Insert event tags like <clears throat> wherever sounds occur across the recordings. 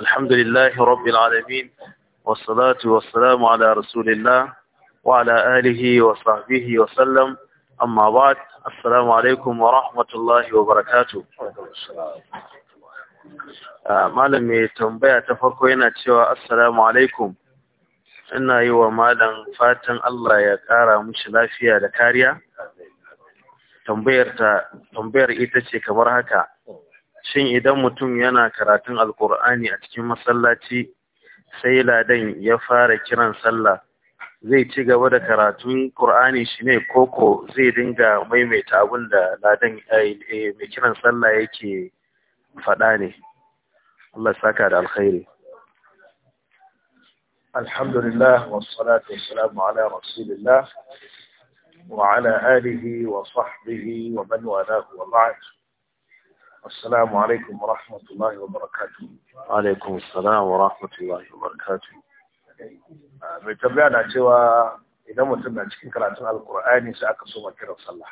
الحمد لله رب العالمين والصلاة والسلام على رسول الله وعلى آله وصحبه وسلم أما بعد السلام عليكم ورحمة الله وبركاته malam mai tambaya ta farko yana cewa assalamu alaikum ina yi wa malam fatan Allah ya ƙara mushi lafiya da kariya tambayar ita ce kamar haka shin idan mutum yana karatun alkur'ani a cikin masallaci sai ladan ya fara kiran sallah zai ci gaba da karatun Kur'ani shi ne koko zai dinga maimaita abin da ladan eh, eh, mai kiran sallah yake faɗa ne. Allah saka da alkhairi. Alhamdulillah wa salatu wa salamu ala rasulillah wa ala alihi wa sahbihi wa man walahu wa ba'd. السلام عليكم ورحمة الله وبركاته وعليكم السلام ورحمة الله وبركاته mai tambaya na cewa idan mutum na cikin karatun alkur'ani sai aka soma kiran sallah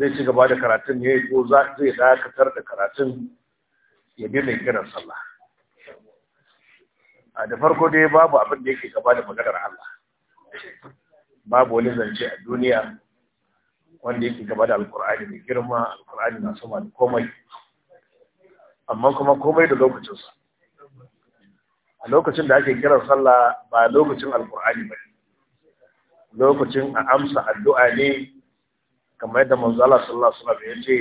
zai ci gaba da karatun ne ko zai dakatar da karatun ya bi mai kiran sallah a ah, da farko dai babu abin da yake gaba da maganar Allah babu wani zance a duniya wanda yake gaba da alkur'ani mai girma alkur'ani na sama da komai amma kuma komai da lokacinsa a lokacin da ake kiran sallah ba lokacin alkur'ani ba lokacin a amsa addu'a ne kamar yadda manzala sallallahu alaihi wasallam ya ce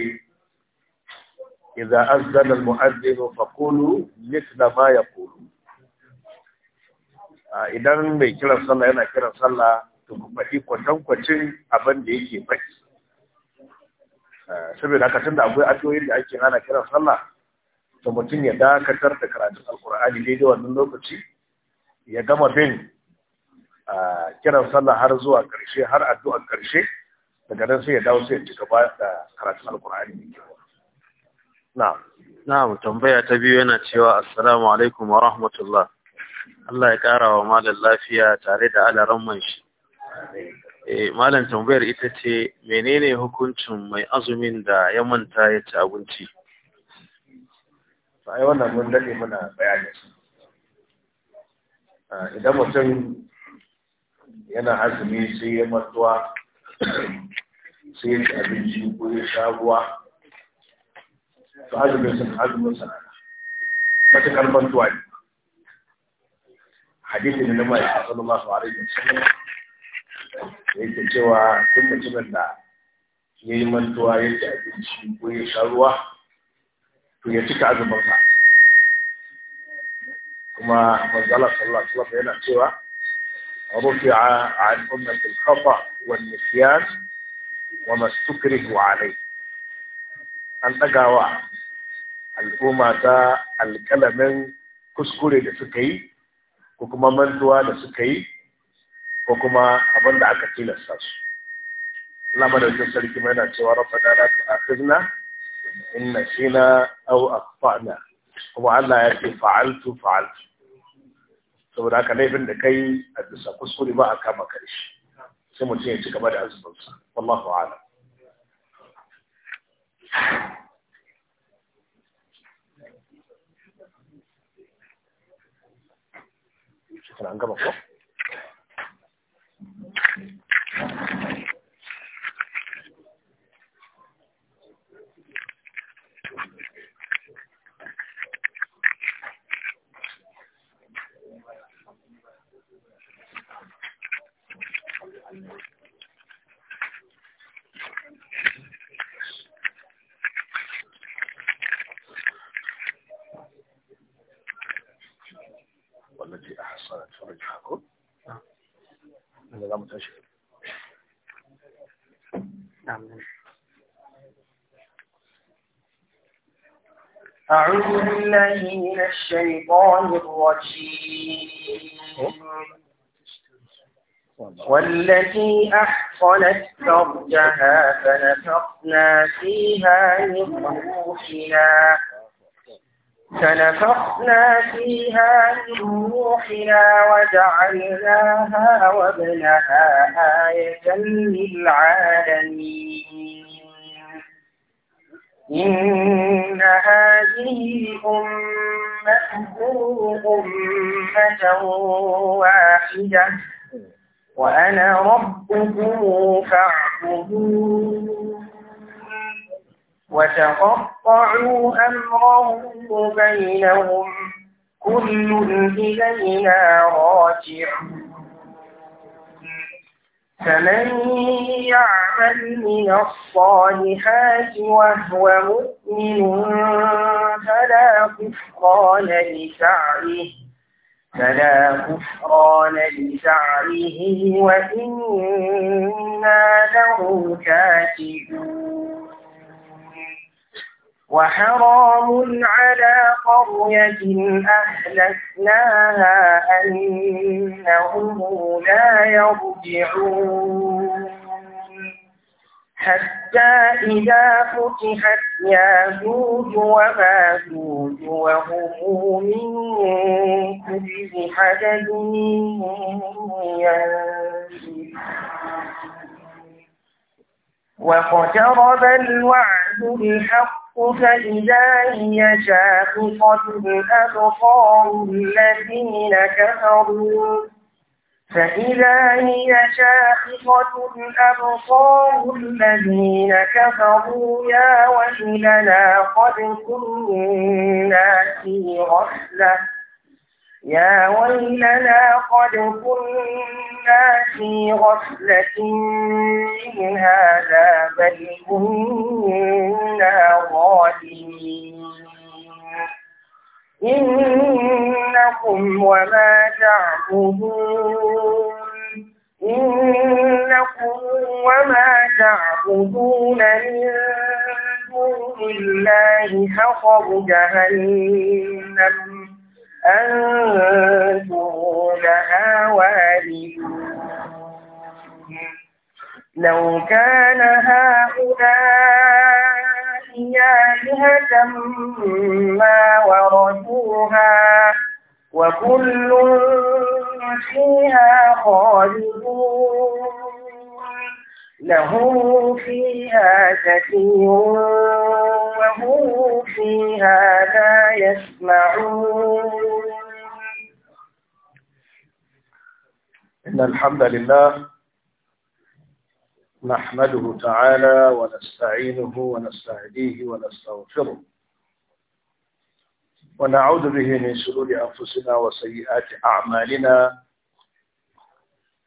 idza azzana almu'adhdhin faqulu mithla ma yaqulu idan mai kiran sallah yana kiran sallah to ku faɗi kwatankwacin abin da yake faɗi Eh, saboda haka tunda akwai addu'o'i da ake hana kiran sallah to mutum ya dakatar da karatun alkur'ani daidai wannan lokaci ya gama bin eh, kiran sallah har zuwa karshe har addu'ar karshe daga nan sai ya dawo sai ya ci gaba da karatun alkur'ani na'am na'am tambaya ta biyu yana cewa assalamu alaikum wa rahmatullah Allah ya kara wa malam lafiya tare da alaran man shi Eh, malam tambayar ita ce menene hukuncin mai azumin da ya manta ya ci abinci ai wannan mun dade muna bayani ah, idan mutum yana azumi sai ya matuwa sai ya ci abinci ko ya sha ruwa to azumin sun azumin sa Mata mantuwa ne hadisi ne na mai sallallahu alaihi wasallam yake cewa duk mutumin da ya yi mantuwa ya ci abinci ko ya sha ruwa to ya cika azumarsa kuma manzala sallallahu alaihi wasallam yana cewa رفع عن wa الخطأ والنسيان وما استكره عليه an ɗaga al'umma ta alkalamin kuskure da suka yi ko kuma mantuwa da suka yi ko kuma abin da aka tilasta su Allah madaukin sarki mai na cewa rabbana la tu'akhidna in nasina aw akhtana kuma Allah ya ce fa'altu fa'altu saboda haka laifin da kai a bisa kuskure ba a kama karshe sai mutum ya ci gaba da azuminsa wallahu a'lam الشيطان الرجيم والتي أحصنت فرجها فنفخنا فيها من روحنا فنفخنا فيها من روحنا وجعلناها وابنها آية للعالمين إن هذه أمة مأذون أمة واحدة وأنا ربكم فاعبدون وتقطعوا أمرهم بينهم كل إلينا راجعون فمن يعمل من الصالحات وهو مؤمن فلا كفران لسعيه فلا كفران لسعيه وإنا له كاتبون وحرام على قرية أهلكناها أنهم لا يرجعون حتى إذا فتحت ياجوج وماجوج وهم من كل حدد واقترب الوعد الحق فإذا هي شاخصة أبصار الذين كفروا فإذا هي شاخصة أبصار الذين كفروا يا ويلنا قد كنا في غفلة يا ويلنا قد كنا في غفلة من هذا بل كنا ظالمين إنكم وما تعبدون إنكم وما تعبدون من دون الله حصب جهنم أنتم لها واردون لو كان هؤلاء آلهة ما وردوها وكل فيها خالدون لهم فيها كثير وهم فيها لا يسمعون إن الحمد لله نحمده تعالى ونستعينه ونستهديه ونستغفره ونعوذ به من شرور أنفسنا وسيئات أعمالنا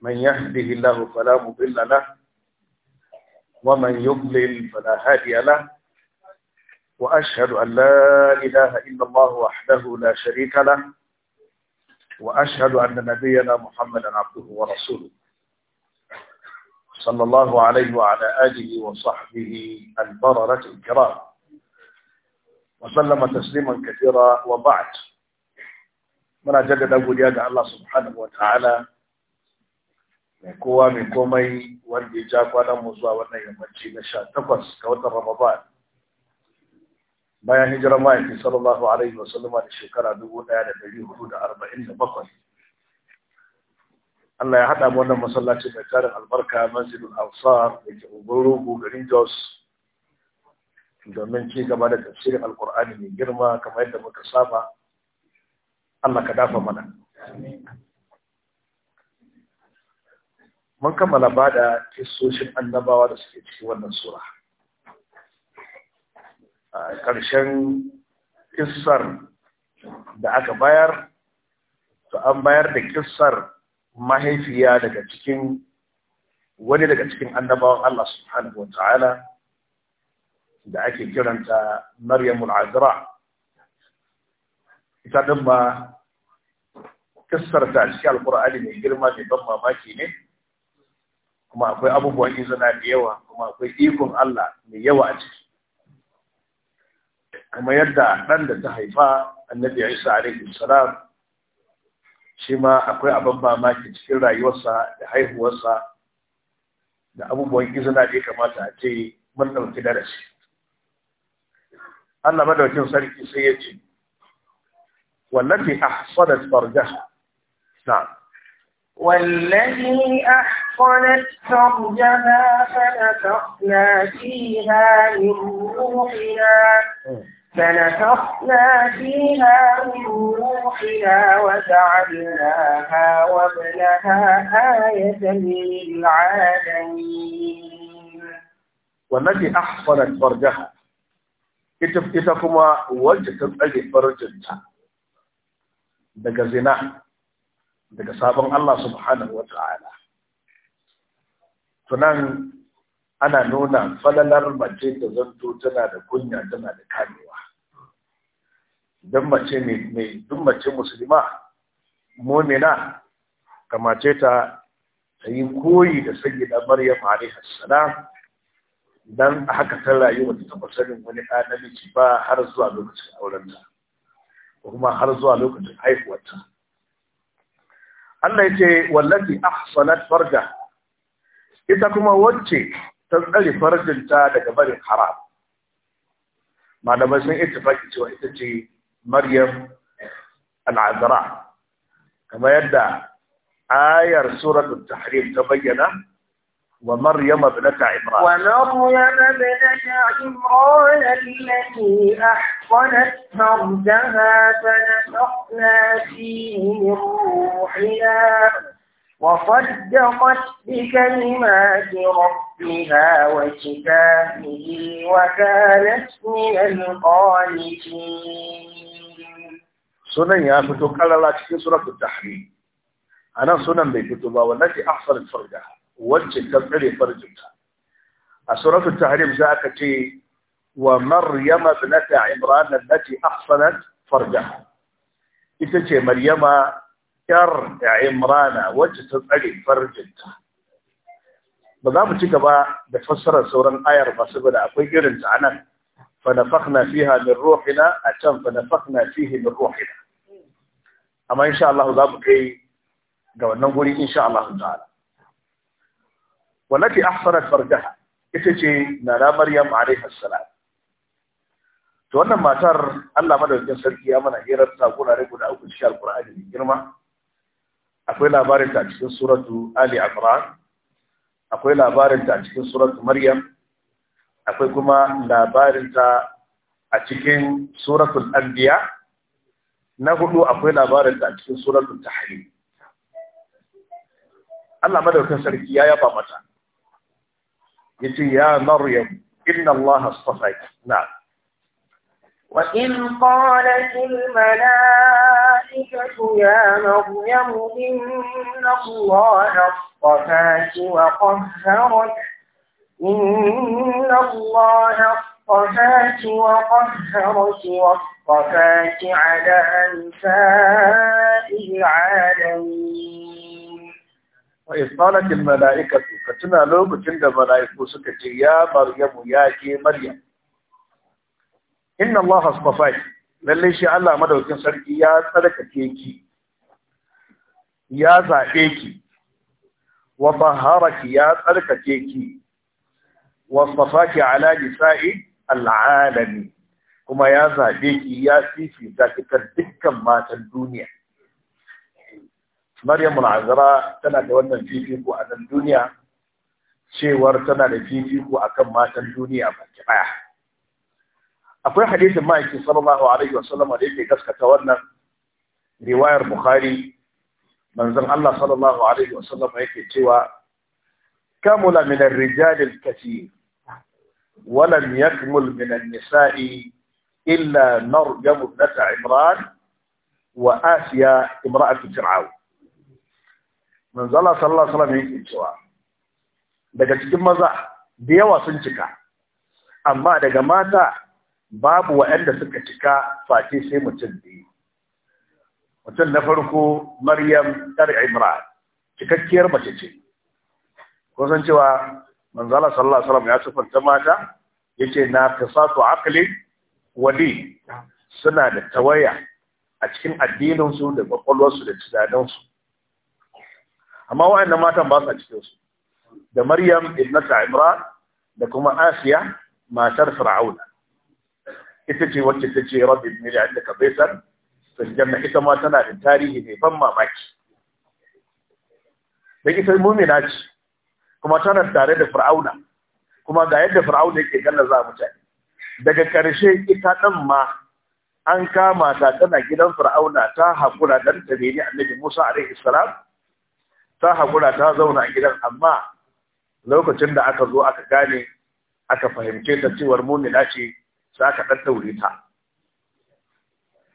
من يهده الله فلا مضل له ومن يضلل فلا هادي له وأشهد أن لا إله إلا الله وحده لا شريك له وأشهد أن نبينا محمدا عبده ورسوله صلى الله عليه وعلى آله وصحبه البررة الكرام وسلم تسليما كثيرا وبعد من أجدد أبو ليادة الله سبحانه وتعالى يكوى من قومي والدي جاكوانا مزوى ونيا مجينا شاء تقص كوات رمضان bayan hijirar ma'aikin sallallahu alaihi wa sallama da shekara 1447 Allah ya haɗa mu wannan masallaci mai tarin albarka masjidul ansar da ke unguwar garin jos domin ci gaba da tafsirin alkur'ani mai girma kamar yadda muka saba Allah ka dafa mana mun kammala bada kisoshin annabawa da suke cikin wannan sura ƙarshen kissar da aka bayar to an bayar da kissar mahaifiya daga cikin wani daga cikin annabawan Allah subhanahu wata'ala da ake kiranta Maryamul Azra ita din ma kissar ta cikin alkur'ani mai girma mai ban mamaki ne kuma akwai abubuwan izina da yawa kuma akwai ikon Allah mai yawa a ciki kamar yadda ɗan da ta haifa annabi isa alaihi salam shi ma akwai abin mamaki cikin rayuwarsa da haihuwarsa da abubuwan izina da ya kamata a ce mun ɗauki darasi Allah madaukin sarki sai ya ce wallafi ahsanat farjaha na'am والذي أحصنت فرجها فنفخنا فيها من روحنا فنفخنا فيها من روحنا وجعلناها وابنها آية للعالمين والذي أحصنت فرجها ita وجهت wacce فرجتها tsare farjinta daga sabon Allah subhanahu wa ta'ala tunan ana nuna falalar mace da zanto tana da kunya tana da kamewa don mace mai duk mace musulma momina kamace ta ta yi koyi da sayyida maryam alaihi salam dan haka ta rayu wata taɓa sanin wani adalci ba har zuwa lokacin aurenta kuma har zuwa lokacin haihuwarta Allah ya ce wallafi ahsanat farja ita kuma wacce ta tsare farjinta daga barin haram malamai sun ittifaki cewa ita ce maryam al-azra kamar yadda ayar suratul tahrim ta bayyana ومريم ابنة عمران ومريم ابنة عمران التي أحصنت فرجها فنفخنا فيه من روحنا وصدقت بكلمات ربها وكتابه وكانت من القانتين سنن يا fito karara الله suratul tahrim anan sunan bai fito ba wallahi wacce ta tsare farjinta a suratul tahrim za ka ce wa maryama ibnata imran allati ahsanat farjaha ita ce maryama yar imrana wacce ta tsare farjinta ba za mu ci gaba da fassarar sauran ayar ba saboda akwai irin ta anan fa nafakhna fiha min ruhina a can fa nafakhna fihi min ruhina amma insha Allah za mu kai ga wannan guri insha Allah ta'ala wallati ahsanat farjaha ita ce nana maryam alaihi assalam to wannan matar Allah madaukakin sarki ya mana hirar ta gurare guda uku cikin alqur'ani da girma akwai labarin ta cikin suratu ali imran akwai labarin ta cikin suratu maryam akwai kuma labarin ta a cikin suratul anbiya na hudu akwai labarin ta cikin suratul tahrim Allah madaukakin sarki ya yaba mata yace يا مريم إن الله اصطفيت نعم وإن قالت الملائكة يا مريم إن الله اصطفاك وقهرك إن الله اصطفاك وقهرك واصطفاك على أنفاء العالمين wa isqalatil mala'ikatu ka tuna lokacin da mala'iku suka ce ya maryamu ya ke maryam inna Allah astafaki lalle shi Allah madaukin sarki ya tsarkake ki ya zaɓe ki wa ki ya tsarkake ki wa astafaki ala nisa'i al'alami kuma ya zaɓe ki ya fifita ki dukkan matan duniya maryam al'azra tana da wannan fifiko a nan duniya cewar tana da fifiko akan matan duniya baki daya akwai hadisin ma'aiki sallallahu alaihi wa sallam da yake gaskata wannan riwayar bukhari manzon Allah sallallahu alaihi wa sallam yake cewa kamula min ar-rijal al-kathir ولم يكمل من النساء إلا مريم imran wa asiya امرأة فرعون manzo Allah sallallahu alaihi wasallam yake cewa daga cikin maza da yawa sun cika amma daga mata babu waɗanda suka cika face sai mutum biyu mutum na farko Maryam ɗar Imran cikakkiyar mace ce ko san cewa manzala Allah sallallahu alaihi wasallam ya sufanta mata yace na kasatu aqli wadi suna da tawaya a cikin addinin su da kwakwalwarsu da tunaninsu amma wa'annan matan ba su cikin su da Maryam ibnata Imran da kuma Asiya matar Fir'auna ita ce wacce ta ce rabbi ibn li indaka baitan fil janna ita ma tana da tarihi mai ban mamaki da ita mu'mina ce kuma tana tare da Fir'auna kuma ga yadda Fir'auna yake za mu mutane daga karshe ita ɗan ma an kama ta tana gidan Fir'auna ta haƙura dan ta ni annabi Musa alaihi salam ta haƙura ta zauna a gidan amma lokacin da aka zo aka gane aka fahimce ta cewar mumina ce sai aka ɗaɗɗaure ta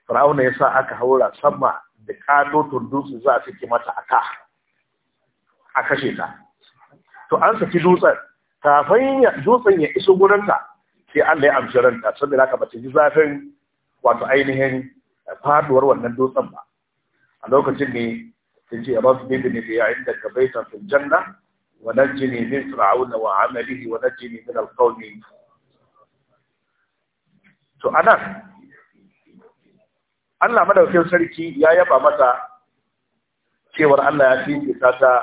fir'auna ya sa aka haura sama da ƙatoton dutse za a saki mata a ka a kashe ta to an saki dutsen kafin dutsen ya iso gurinta sai Allah ya amshi ranta saboda haka ba ta ji zafin wato ainihin faduwar wannan dutsen ba a lokacin ne تجي رب ابني عندك بيتا في الجنة ونجني من فرعون وعمله ونجني من القوم to anan Allah madaukakin sarki ya yaba mata cewar Allah ya fifita ta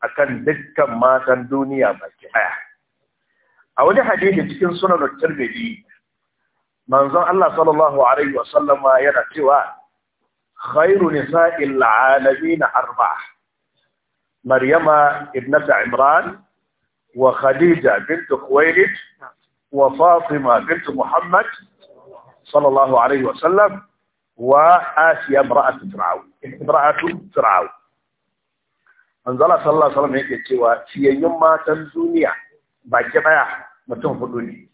akan dukkan matan duniya baki daya a wani hadisi cikin sunan Tirmidhi manzon Allah sallallahu alaihi Sallama yana cewa خير نساء العالمين أربعة مريم ابنة عمران وخديجة بنت خويلد وفاطمة بنت محمد صلى الله عليه وسلم وآسيا امرأة فرعون امرأة فرعون أنزل صلى الله عليه وسلم هيك تشوى في يوم تنزونيا بعد جبايا ما تنفضوني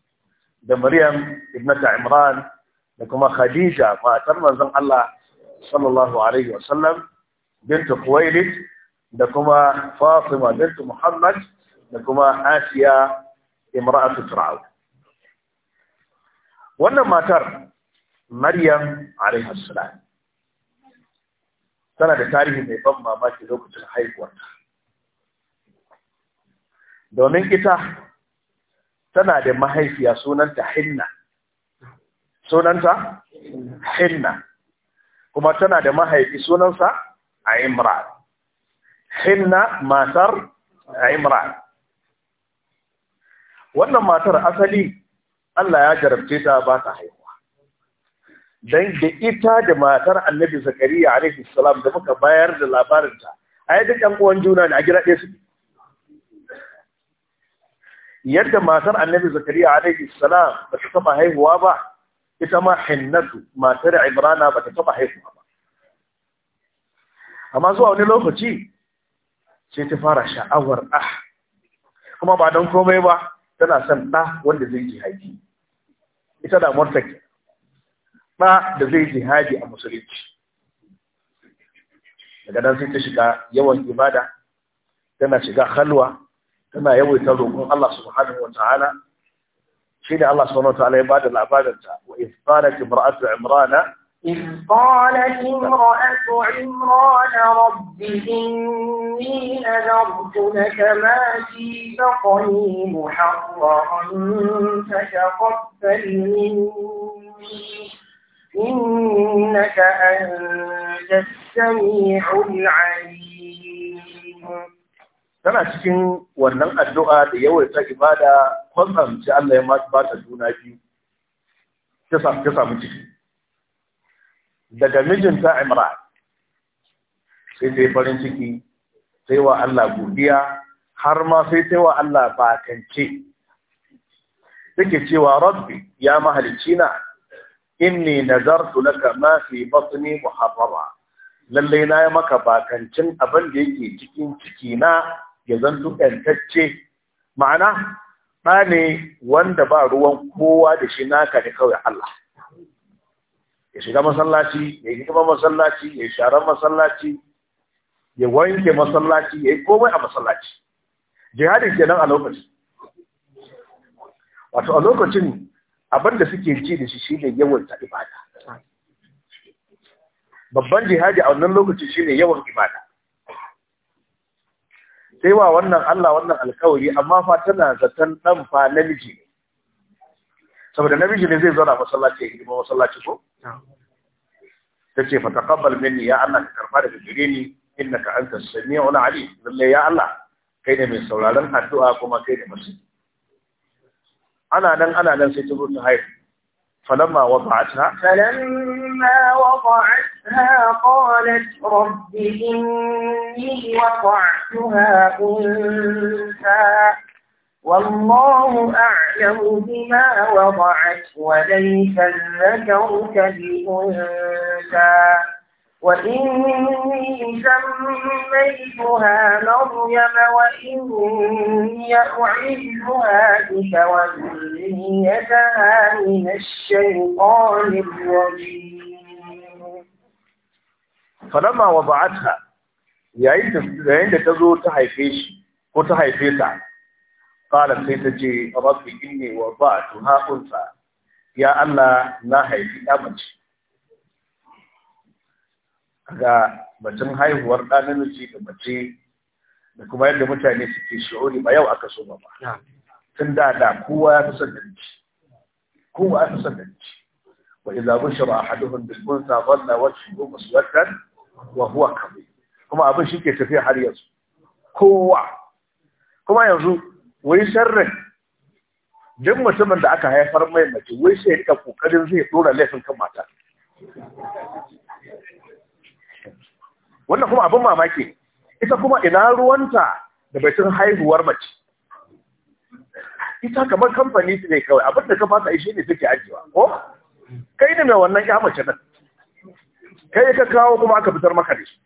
ده مريم ابنة عمران لكما خديجة ما ترمى الله sallallahu alaihi wasallam Binta Khuwailid da kuma Fatima Binta Muhammad da kuma Asiya imra'atu Fir'aun wannan matar Maryam alaiha salam tana da tarihi mai ban mamaki lokacin haihuwarta domin ita tana da mahaifiya sunanta Hinna sunanta Hinna kuma tana da mahaifi sunansa a imran hinna matar a imran wannan matar asali Allah ya jarabce ta ba ta haihuwa dan da ita da matar annabi zakariya alaihi salam da muka bayar da labarinta a yadda ɗan uwan juna ne a gina ɗaya su yadda matar annabi zakariya alaihi salam ba ta taba haihuwa ba ita ma hinnatu matar ibrana ba ta taba haihuwa ba amma zuwa wani lokaci sai ta fara sha'awar ah. kuma ba don komai ba tana son ɗa wanda zai ji jihadi ita damuwar ke ɗa da zai ji haifi a musulunci daga nan sai ta shiga yawan ibada tana shiga halwa tana yawaita roƙon Allah subhanahu wa ta'ala شيء الله سبحانه وتعالى يبادر العبادة وإذ قالت امرأة عمران إذ قالت امرأة عمران رب إني نذرت لك ما في بطني محررا فتقبل مني إنك أنت السميع العليم. Tana cikin wannan addu'a da yawaita ibada kwatsam ce Allah ya ba ta juna biyu ta samu ciki daga mijinta imra sai ta yi farin ciki sai wa Allah godiya har ma sai ta wa Allah bakance take cewa rabbi ya mahalicci na inni nazartu laka ma fi batni muharrara lalle na yi maka bakancin abin da yake cikin ciki na ya zanto ƴantacce ma'ana ɗa ne wanda ba ruwan kowa da shi naka ne kawai Allah ya shiga masallaci ya yi kuma masallaci ya yi sharar masallaci ya wanke masallaci ya yi komai a masallaci jihadin kenan a lokacin wato a lokacin abinda suke ji da shi shi ne yawan ibada babban jihadi a wannan lokacin shi ne yawan ibada sai wa wannan Allah wannan alkawari amma fa tana zaton dan fa namiji saboda namiji ne zai zauna masallaci ba masallaci ko tace fa taqabbal minni ya Allah ka karba daga gare ni innaka antas wani ali lalle ya Allah kai ne mai sauraron addu'a kuma kai ne masu ana nan ana nan sai ta zo ta haihu فلما وضعتها فلما وضعتها قالت رب إني وضعتها أنثى والله أعلم بما وضعت وليس الذكر كالأنثى وإني سميتها مريم وإني أعيدها بك وذريتها من الشيطان الرجيم فلما وضعتها يا عند يا عند تزور تحيفيش وتحيفيتا قالت سيدتي ربي اني وضعتها انثى يا الله نهي في امتي ga batun haihuwar ɗan namiji da mace da kuma yadda mutane suke shi'uri ba yau aka so ba ba tun da da kowa ya fi son namiji kowa ya fi son a wa idza bushira ahaduhum bil unsa dhalla wajhuhu muswaddan wa huwa kabir kuma abin shi ke tafiya har yanzu kowa kuma yanzu wai sharrin duk mutumin da aka haifar mai mace wai sai ya rika kokarin zai dora laifin kan mata wannan kuma abin mamaki ne ita kuma ina ruwanta da bakin haihuwar mace ita kamar kamfani su ne kawai abin da ka fasa shi ne suke ajiyewa ko kai ne mai wannan ya mace nan kai ka kawo kuma aka fitar maka da shi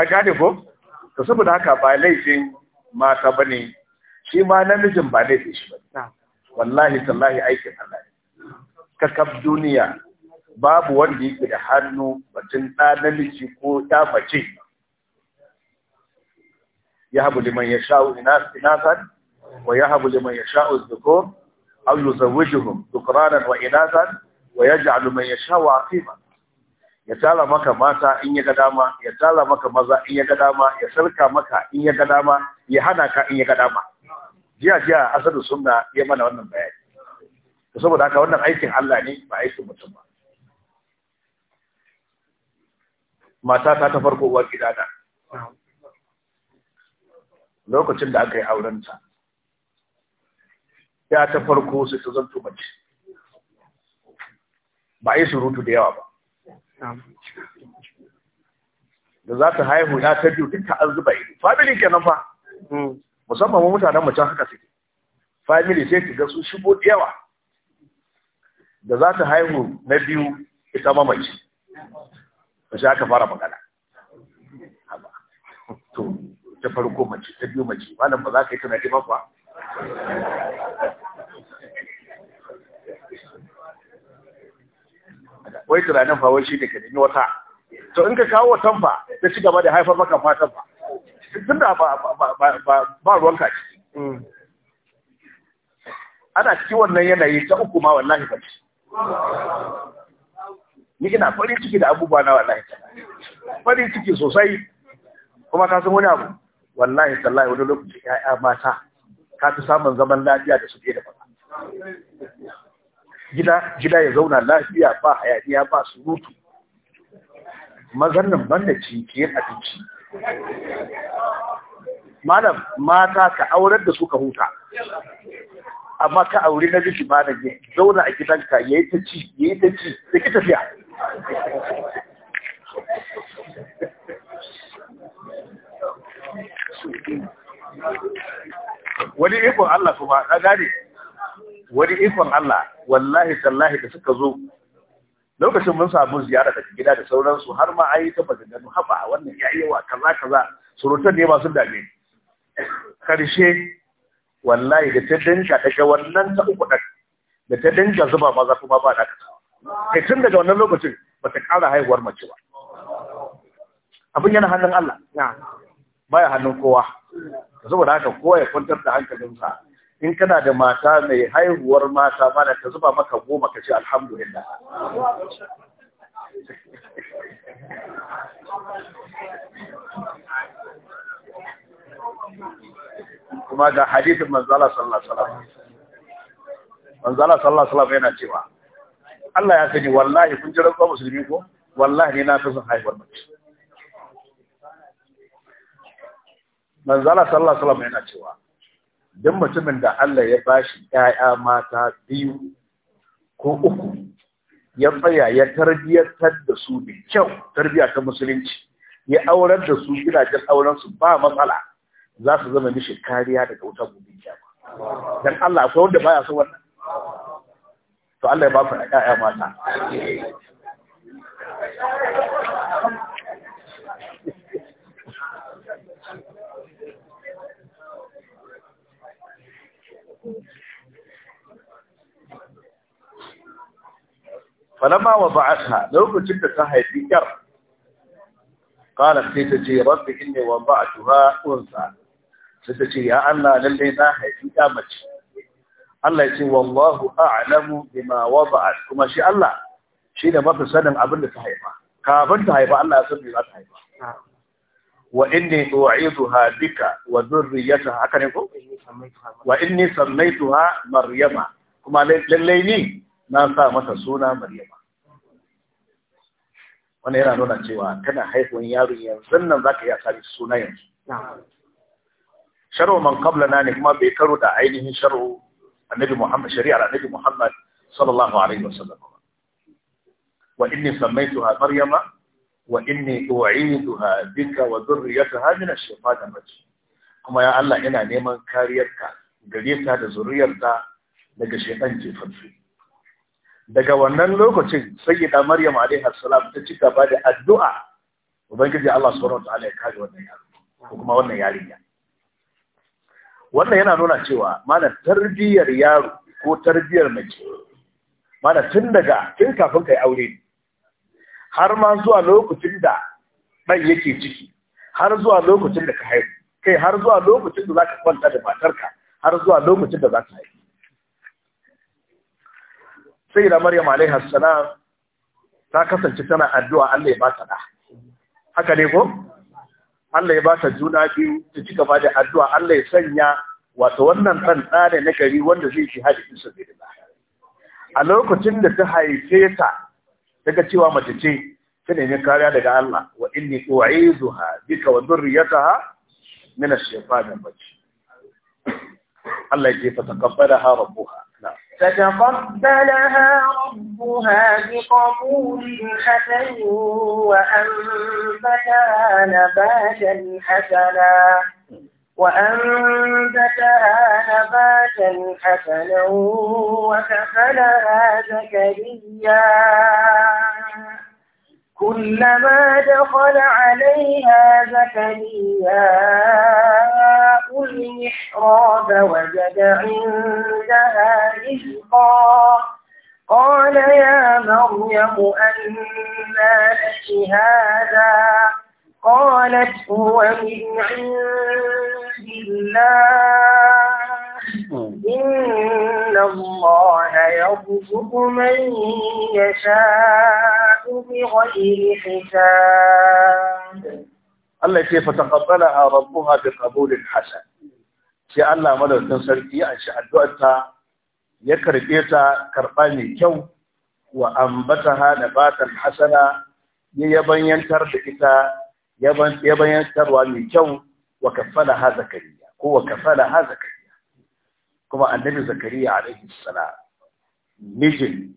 a gane ko to saboda haka ba laifin mata ba ne. shi ma namijin ba laifin shi ba wallahi tallahi aikin Allah kakab duniya babu wanda yake da hannu batun 'da namiji ko 'ya mace ya habu liman ya sha'u inasan wa ya habu liman ya sha'u zukur aw yuzawwijuhum dhukranan wa inasan wa yaj'alu man yasha'u aqima ya tala maka mata in ya ga dama ya tala maka maza in ya ga dama ya sarka maka in ya ga dama ya hana ka in ya ga dama jiya jiya asadu sunna ya mana wannan bayani saboda haka wannan aikin Allah ne ba aikin mutum ba Mata ta farko uwar gidana lokacin da aka yi aurenta ya ta farko su ta zanto mace ba a yi surutu da yawa ba da za ta haihu ya ta biyu duka an zuba ido family kenan fa musamman mu mutanen mu can haka suke family sai ki ga su shigo da yawa da za ta haihu na biyu ita mamaci sai aka fara magana to ta farko mace ta biyu mace malam ba za ka yi tana ba makwa. wai tunanin fa wai shi ne ka nemi wata to in ka kawo watan fa ta ci gaba da haifar maka fatan fa tun da ba ruwanka ciki mm. ana cikin wannan yanayi ta uku ma wallahi ba ci ni ina farin ciki da abubuwa na wallahi farin ciki sosai kuma ka san wani abu wallahi sallahi wani lokaci ya'ya mata ka fi samun zaman lafiya da su da fata gida gida ya zauna lafiya ba hayaniya ba surutu mazan nan banda cikin abinci malam mata ka aurar da suka huta amma ka aure na jiki malam ya zauna a gidanka yi ta ci yayi ta ci da ki tafiya wani ikon Allah ba ɗaga ne? wani ikon Allah wallahi tallahi da suka zo lokacin mun samu ziyara daga gida da sauransu har ma yi ta haɓa a wannan ya yi wa kaza kaza surutan ne masu dame karshe wallahi da ta dinka daga wannan ta uku ɗan, da ta dinka zuba maza kuma ba da kai tun daga wannan lokacin ba ta ƙara haihuwar mace ba abin yana hannun Allah baya hannun kowa Ka zuba da haka kowa ya kwantar da hankalinsa in kana da mata mai haihuwar mata mana ta zuba maka goma ka ce alhamdulillah kuma ga hadithin manzala sallallahu alaihi wasallam manzala sallallahu alaihi wasallam yana cewa Allah ya sani wallahi kun ji rantsuwa musulmi ko wallahi ne na fi son haihuwar mace manzala sallallahu alaihi wasallam yana cewa duk mutumin da Allah ya bashi ƴaƴa mata biyu ko uku ya tsaya ya tarbiyyantar da su da kyau tarbiyya ta musulunci ya aurar da su gidajen auren su ba matsala za su zama mishi kariya daga wutar gobe kiyama dan Allah akwai wanda baya so wannan to Allah ya ba ku ɗaya mata. Falama wa ba a ta, lokacin da ta haifi ƙyar, ƙalar sai ta ce, "Rabbi inne wa ba a tura unsa, sai ta ce, "Ya Allah lallai na haifi ƙyar mace, Allah ya ce wallahu a'lamu bima wada'at kuma shi Allah shi da mafi sanin abin da ta haifa kafin ta haifa Allah ya san me za ta haifa wa inni u'iduha bika wa dhurriyyataha haka ne ko wa inni sammaytuha maryama kuma lalle ni na sa mata suna maryama wannan yana nuna cewa kana haihuwan yaron yanzu nan zaka iya sa suna yanzu sharu man qablana ne kuma bai karo da ainihin sharu annabi Muhammad shari'ar annabi Muhammad sallallahu alaihi wasallam wa inni sammaytuha maryama wa inni u'iduha bika wa dhurriyyataha min ash-shaytanir rajim kuma ya Allah ina neman kariyarka gare ta da zuriyarta daga shaytan jefansu daga wannan lokacin sayyida maryam alaiha salam ta cika ba da addu'a ubangiji Allah subhanahu wa ta'ala ya kare wannan yaro ko kuma wannan yarinya wannan yana nuna cewa mana tarbiyyar yaro ko tarbiyyar mace mana tun daga tun kafin kai aure har ma zuwa lokacin da ɗan yake ciki har zuwa lokacin da ka haihu kai har zuwa lokacin da za ka kwanta da matarka har zuwa lokacin da za ka haihu sai da maryam alaihi salam ta kasance tana addu'a Allah ya ba ta da haka ne ko Allah ya ba ta juna biyu ta ci gaba da addu'a Allah ya sanya wato wannan ɗan ɗane na gari wanda zai shi haɗi su bai a lokacin da ta haife ta daga cewa mace ce ta nemi kariya daga Allah wa inni u'izuha bika wa dhurriyyataha min ash-shaytanir rajim Allah ya jefa hawa rabbuha فتقبلها ربها بقبول حسن وأنبتها نباتا حسنا وأنبتها نباتا حسنا وكفلها زكريا كلما دخل عليها زكريا المحراب وجد عندها رزقا قال يا مريم أنى لك هذا قالت هو من عند الله إن الله يرزق من يشاء بغير حساب Allah ce fa taqabbala rabbuha bi qabulin hasan sai Allah madaukakin sarki a shi addu'ar ta ya karbe ta karba mai kyau wa ambataha da batan hasana ya yabanyantar da ita yaban yabanyantarwa mai kyau wa kafala ha zakariya ko wa kafala ha zakariya kuma annabi zakariya alaihi salam mijin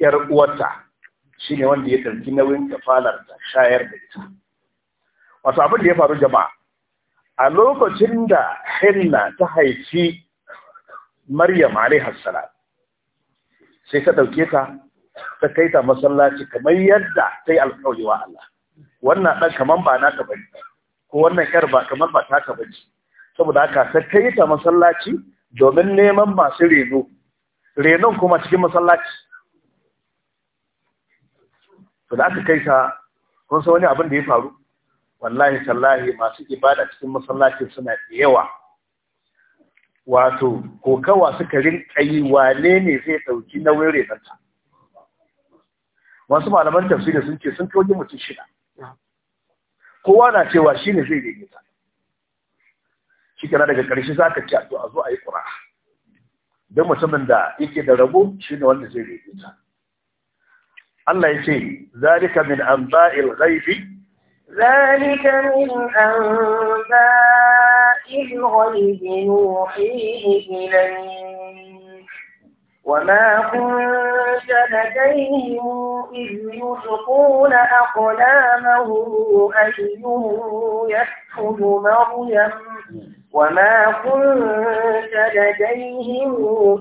yar uwarta shine wanda ya ɗauki nauyin kafalar ta shayar da ita wasu abin da ya faru jama'a a lokacin da hinna ta haifi maryam alaihi salam sai ta ɗauke ta ta kai ta masallaci kamar yadda ta yi alƙawari wa Allah wannan ɗan kamar ba na ta bane ko wannan 'yar ba kamar ba ta ta bace saboda haka ta kai ta masallaci domin neman masu reno renon kuma cikin masallaci to da aka kai ta kun san wani abin da ya faru wallahi sallahi masu ibada cikin masallacin suna da yawa wato kokawa suka rin yi wane ne zai dauki nauyin renonta wasu malaman tafsiri sun ce sun kawo mutum shida kowa na cewa shi ne zai daidaita. ta kika na daga ƙarshe za ka ci a zo a yi ƙura don mutumin da yake da rabo shi ne wanda zai rubuta Allah ya ce zalika min anba'il ghaibi zalika min anba'il ghaibi nuhihi ilayk wama kunta ladayhim إذ يلقون أقلامهم أيهم يكفل مريم وما كنت لديهم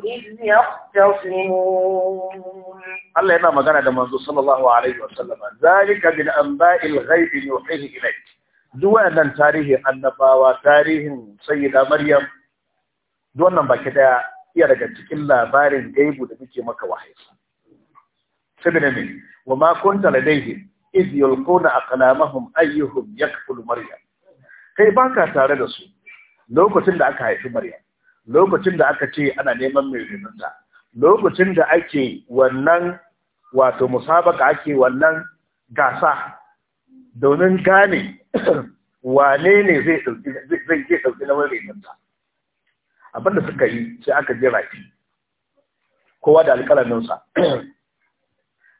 إذ يختصمون الله يما مغانا ده منذ صلى الله عليه وسلم ذلك من أنباء الغيب يوحيه إليك دواء أن تاريخ النباوة تاريخ سيدة مريم دواء أن بكدا يرجع إلا بارن غيب لبكي مكة واحد سبنا وما كنت لديهم إذ يلقون أقلامهم أيهم يكفل مريم كي باكا تاريخ lokacin da aka haifi maryam lokacin da aka ce ana neman mai rinunta lokacin da ake wannan wato musabaka ake wannan gasa domin gane <clears throat> wane ne zai ɗauki na wani rinunta abinda suka yi sai aka jira shi kowa da alƙalaminsa <clears throat>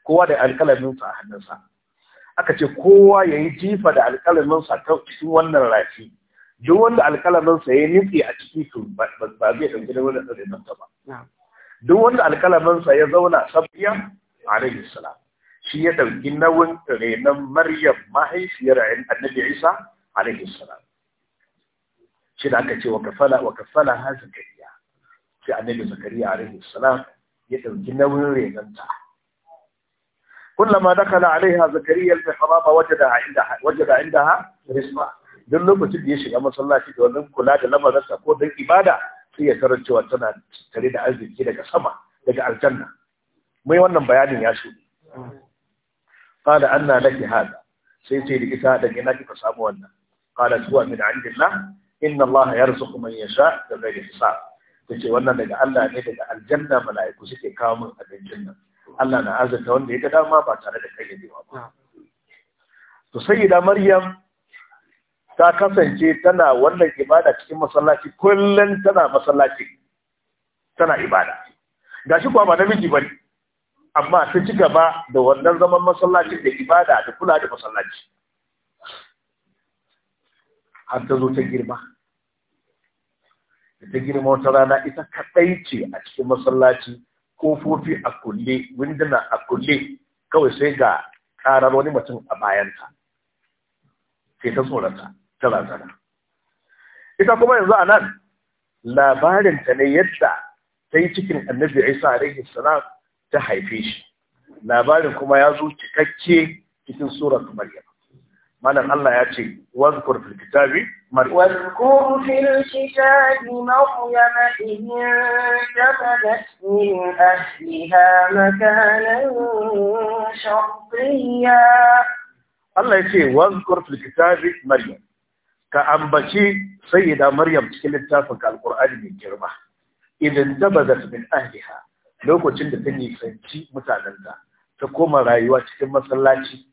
kowa da alƙalaminsa a hannunsa aka ce kowa ya yi jifa da alƙalaminsa ta cikin wannan rafi duk wanda alkalamin sa ya nufi a ciki su ba zai ɗauki da wani ɗaure ta ba duk wanda alkalamin sa ya zauna safiya alaihi salam shi ya ɗauki nauyin renon maryam mahaifiyar annabi isa alaihi salam shi da aka ce wa kafala wa kafala ha zakariya sai annabi zakariya alaihi salam ya ɗauki nauyin renonta كلما دخل عليها زكريا المحراب وجدها wajada inda ha? Risma. duk lokacin da ya shiga masallaci da wannan kula da lamarinsa ko don ibada sai ya tarar cewa tana tare da arziki daga sama daga aljanna mai wannan bayanin ya shi an na laki hada sai sai da ita da ina kika samu wannan su huwa min indillah inna Allah ya rasu kuma ya sha, da sa. ta ce wannan daga Allah ne daga aljanna mala'iku suke kawo min abincin nan Allah na arzika wanda ya ga dama ba tare da kayyadewa ba to sayyida maryam ta kasance tana wannan ibada cikin masallaci kullum tana masallaci tana ibada ga shi kuwa ba namiji ba amma ta ci gaba da wannan zaman masallacin da ibada da kula da masallaci har ta zo ta girma da ta girma wata rana ita kaɗai ce a cikin masallaci kofofi a kulle windina a kulle kawai sai ga ƙarar wani mutum a bayanta sai ta tsorata tana ita kuma yanzu a nan labarinta ne yadda ta yi cikin annabi isa alaihi salam ta haife shi labarin kuma ya zo cikakke cikin surar maryam malam Allah ya ce wazkur fil kitabi maryam wazkur fil kitabi maryam in jabadat min ahliha makanan sharqiyya Allah ya ce wazkur fil kitabi maryam ka ambaci sayyida maryam cikin littafin alqur'ani mai girma idan tabazat min ahliha lokacin da ta nisanci mutanenta ta koma rayuwa cikin masallaci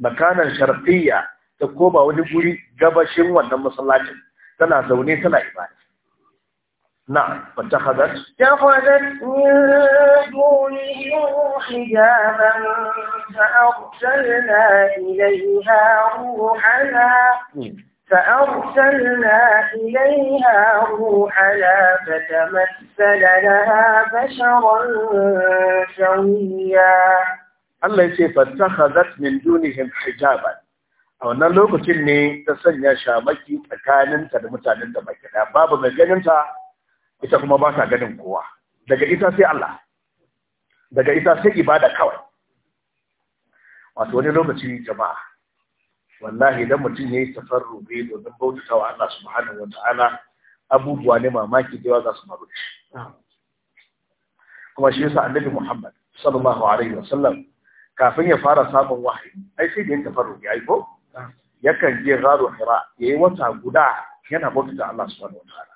makanan sharqiyya ta koma wani guri gabashin wannan masallacin tana zaune tana ibada نعم فاتخذت اتخذت من دونه حجابا فأرسلنا إليها روحنا فتمثل لها بشرا سويا Allah ya ce fattakhazat min dunihim hijaban a wannan lokacin ne ta sanya shamaki tsakaninta da mutanen da baki da babu mai ganinta ita kuma ba ta ganin kowa daga ita sai Allah daga ita sai ibada kawai wato wani lokaci jama'a wallahi idan mutum ya yi tafarruɓe domin bautata wa Allah subhanahu wa ta'ala abubuwa ne mamaki da yawa za su faru kuma shi yasa annabi Muhammad sallallahu alaihi wa sallam kafin ya fara samun wahayi ai sai da ya yi ai ko yakan je gado hira yayi wata guda yana bautata Allah subhanahu wa ta'ala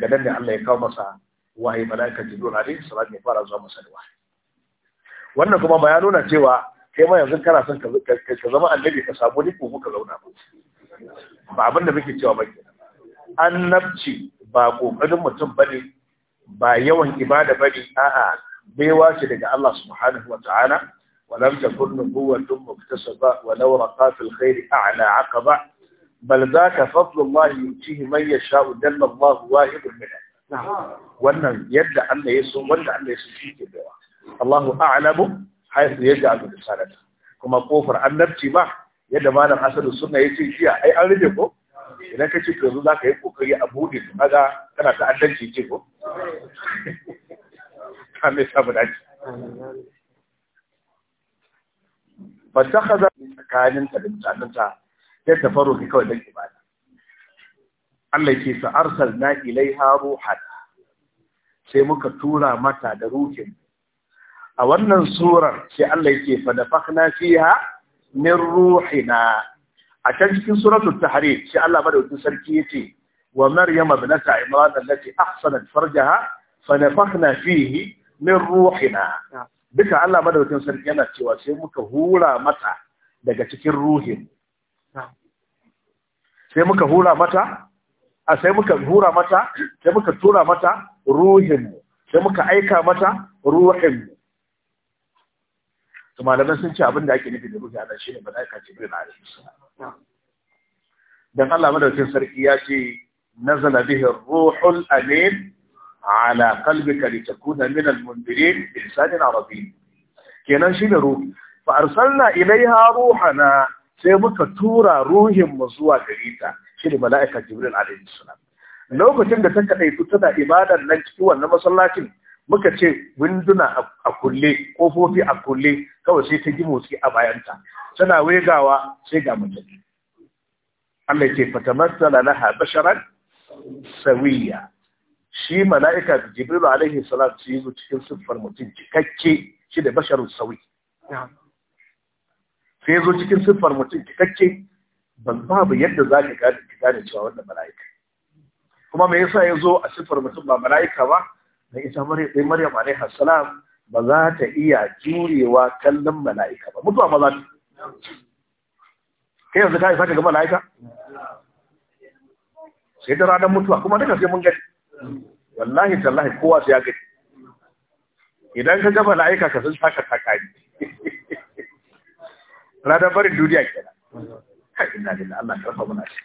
daga nan ne Allah ya kawo masa wahayi malaika jibril alaihi salam ya fara zuwa masa da wahayi wannan kuma bayanuna ya nuna cewa kai ma yanzu kana son ka zama annabi ka samu ni ko ka zauna ba abin da muke cewa ba annabci ba kokarin mutum bane ba yawan ibada bane a'a baiwa ce daga Allah subhanahu wa ta'ala ولم تكن نبوة مكتسبة ولو رقى في الخير أعلى عقبة بل ذاك فضل الله يؤتيه من يشاء دل الله واهب wannan yadda Allah ya so wanda Allah ya so shi ke bawa Allahu a'lamu haisu ya ga abu risalata kuma kofar annabci ba yadda malam asadu suna ya ce shiya ai an rage ko idan ka ce to zo za ka yi kokari a buɗe to kaga kana ta addanci ce ko ka mai samu dace ba ta haza tsakanin ta da ta ya tafaro ki kawai don ta. Allah ke sa arsal na ilai haro sai muka tura mata da ruhin a wannan surar sai Allah yake fadafakna fiha min ruhina a can cikin suratul tahrim sai Allah madaukakin sarki yace wa maryam ibnata imran allati ahsanat farjaha fanafakhna fihi min ruhina duka Allah madaukakin sarki yana cewa sai muka hura mata daga cikin ruhin sai muka hura mata a sai muka hura mata sai muka tura mata ruhin sai muka aika mata ruhin to malaman sun ce abin da ake nufi da ruhi nan shi ne mala'ika jibril alaihi salam dan Allah madaukin sarki ya ce nazala bihi ruhul amin ala qalbika litakuna min mundirin insanin arabi kenan shi ne ruhi fa arsalna ilaiha ruhana sai muka tura ruhin mu zuwa gare ta shi ne mala'ika jibril alaihi salam lokacin da ta kadaitu tana ibadan nan cikin wannan masallacin muka ce winduna a kulle kofofi a kulle kawai sai ta ji motsi a bayanta tana wegawa sai ga mutum Allah ke fatamassala laha basharan sawiya shi mala'ika jibrilu alaihi salatu su yi cikin siffar mutum cikakke shi da basharun sawi sai zo cikin siffar mutum cikakke ban babu yadda za ka gane cewa wannan mala'ika kuma me yasa ya zo a siffar mutum ba mala'ika ba na isa maryam alaihi salam ba za ta iya jurewa kallon mala'ika ba mutuwa ba za ta kai yanzu kai saka ka ga mala'ika sai da ranar mutuwa kuma duka sai mun gani wallahi tallahi kowa sai ya gani idan ka ga mala'ika ka sun saka takani <laughs> ranar barin duniya kenan kai ina lillahi Allah karfa mana shi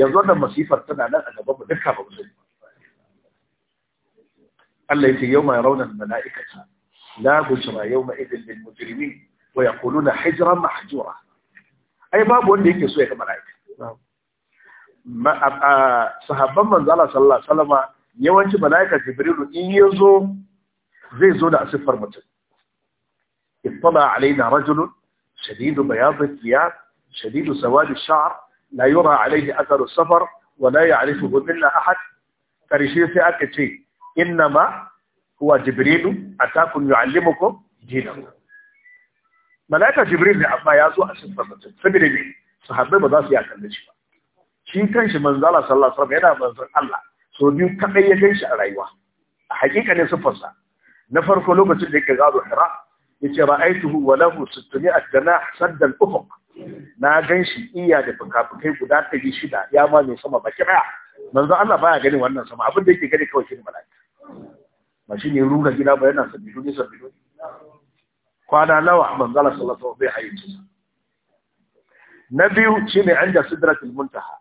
yanzu wannan masifar tana nan a gaban mu dukkan mu sai Allah yake yau ma raunar mala'ikata la bushra yau ma idin lil mujrimin wa yaquluna hijran mahjura ai babu wanda yake so ya ga mala'ika sahabban manzala sallallahu yawanci mala'ika jibrilu in yazo zai zo da asifar mutum ittala alaina rajulun shadidu bayad kiya shadidu sawad sha'ar shar la yura alayhi athar safar wa la ya'rifuhu illa ahad karshe sai aka ce innama huwa jibrilu atakum yu'allimukum dinakum malaika jibril ne amma ya zo a cikin mutum saboda ne sahabbai ba za su yi akalli shi ba shi kanshi manzala sallallahu alaihi wasallam yana manzo Allah so biyu kadai ya ganshi a rayuwa a hakika ne siffarsa na farko lokacin da yake gado Hira yace ra'aituhu wa lahu 600 janah saddan ufuq na ganshi iya da fukafukai guda shida, ya ma mai sama ba daya manzon Allah baya ganin wannan sama abin da yake gani kawai shi ne malaika ماشي يرونا كنا بينا سبيلوني سبيلوني قال الله أحمد قال صلى الله عليه وسلم نبي شن عند سدرة المنتهى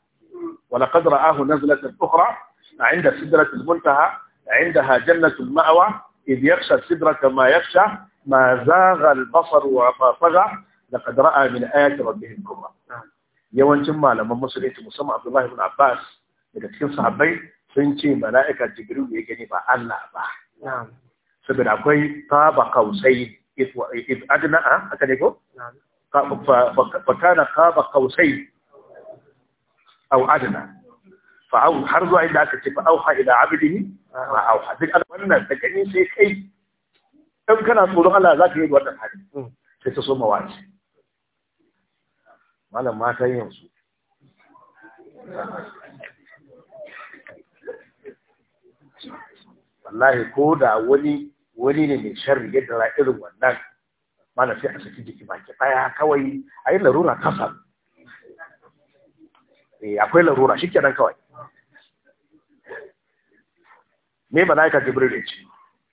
ولقد رآه نزلة أخرى عند سدرة المنتهى عندها جنة المأوى إذ يخشى سدرة ما يخشى ما زاغ البصر وطغى لقد رأى من آيات ربه الكبرى يوم جمال من مصر إيه عبد الله بن عباس إذا تكن صحابين sun ce mala'ika jibril ya gani ba Allah ba saboda akwai qaba kausai if adna ah, aka ne ko fa kana qaba qausai aw adna fa au har zuwa inda aka ce fa ha ila abdihi ma ha duk wannan da gani sai kai in kana tsoron Allah za ka yi wannan hali mm. sai ta so mawaci malam matan yanzu wallahi ko da wani wani ne mai sharri yadda dara irin wannan mana sai a saki jiki baki daya kawai a yi larura ta samu eh, akwai larura shi kenan kawai me malaika jibril ya ce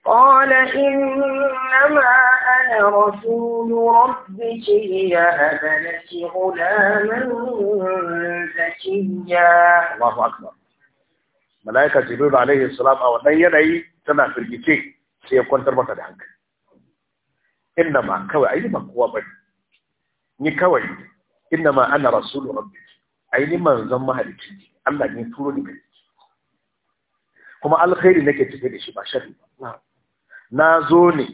قال إنما أنا رسول ربك ليهب لك غلاما زكيا الله أكبر malaika jibril alaihi salam a wannan yanayi tana firgice sai ya kwantar mata da hankali inna ma kawai ayi ba kowa ba ni kawai inna ma ana rasulu rabbi aini manzon mahalicci Allah ne turo ni gari kuma alkhairi nake tafi da shi ba sharri na zo ne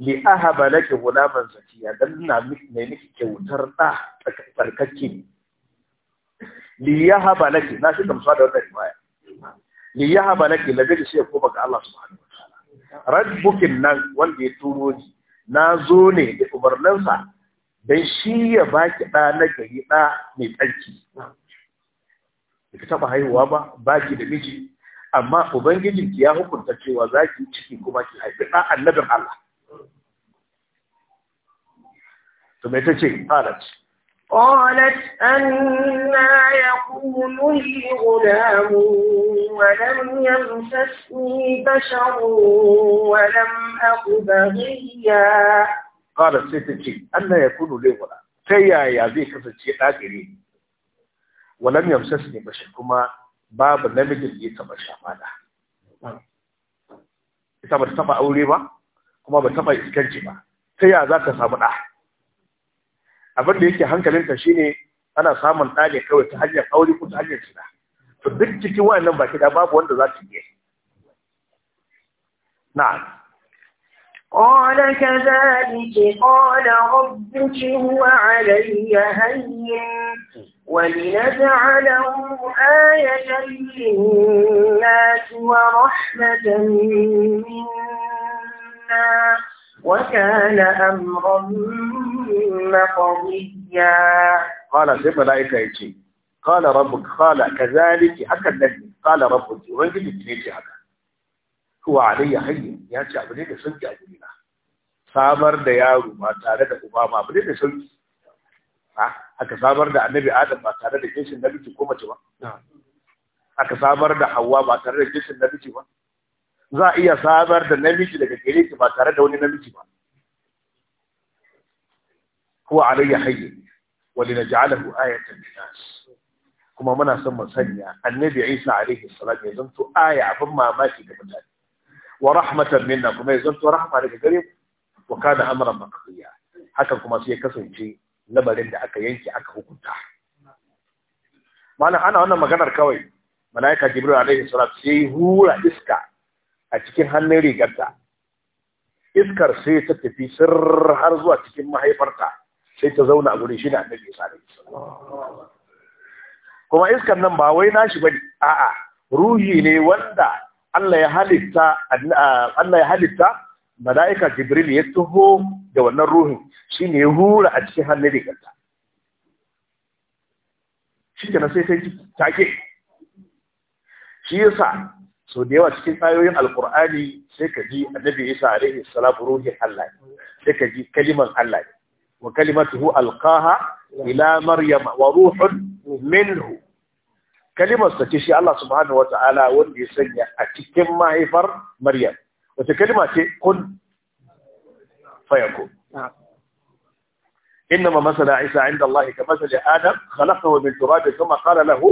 li ahaba laki gulaman zakiya dan na ne miki kyautar da tsarkake li yahaba laki na shi gamsuwa da wannan riwaya li yahaba na la gaji sai ko baka Allah subhanahu wataala bukin nan wanda ya turo ni na zo ne da umarninsa, dan shi ya baki ɗa na gari ɗa mai tsarki ki taɓa haihuwa ba baki da miji amma ubangijin ki ya hukunta cewa zaki ciki kuma ki haifi da annabin Allah to me tace qalat قالت أنا يقول لي غلام ولم يمسسني بشر ولم أق بغيا قالت ستتي أنا يكون لي غلام تيا يا ذي كفتي أجري ولم يمسسني بشر كما باب نمجل يتبشى مالا ita ba ta taba aure ba kuma ba ta taba iskanci abin da yake hankalinta shine ana samun ɗa kawai ta hanyar aure ko ta hanyar shida to duk cikin wayannan baki da babu wanda za ta iya na'am قال كذلك قال ربك هو علي هين ولنجعله آية للناس ورحمة منا وكان أمرا قال سي ملائكة يجي قال ربك قال كذلك حكى النبي قال ربك وانجد تنيجي حكى هو علي حي يا جابني da sun jabuni na samar da yaro ba tare da uba ba bane da sun aka النبي da annabi adam ba tare da kishin nabi ko mace ba aka samar da hawa ba tare da ba za a iya samar da namiji daga gare ki ba tare da wani namiji ba huwa alayya hayyin wa linaj'alahu ayatan linnas kuma muna son mu sanya annabi Isa alaihi salam ya aya abin mamaki ga mutane wa rahmatan minna kuma ya zanto rahma daga gare mu wa kana amran maqdiya haka kuma sai kasance labarin da aka yanke aka hukunta malam ana wannan maganar kawai malaika jibril alaihi salam sai hura iska a cikin hannun rigarta iskar sai ta tafi sir har zuwa cikin mahaifarta sai ta zauna a gurin shi ne annabi Isa alaihi kuma iskan nan ba wai nashi bane a'a ruhi ne wanda Allah ya halitta Allah ya halitta malaika Jibril ya tuho da wannan ruhin shine ya hura a cikin hannun rigarta shi ke sai sai take shi yasa so da yawa cikin ayoyin alkur'ani sai ka ji annabi isa alaihi salatu ruhin Allah sai ka ji kaliman Allah ne wa kalimatuhu Alkaha ila maryama wa ruhun minhu kalimarsa ce shi Allah subhanahu wata'ala wanda ya sanya a cikin mahaifar Maryam wata kalima ce kun fayakun إنما مثل عيسى عند الله كمثل آدم خلقه من تراب ثم قال له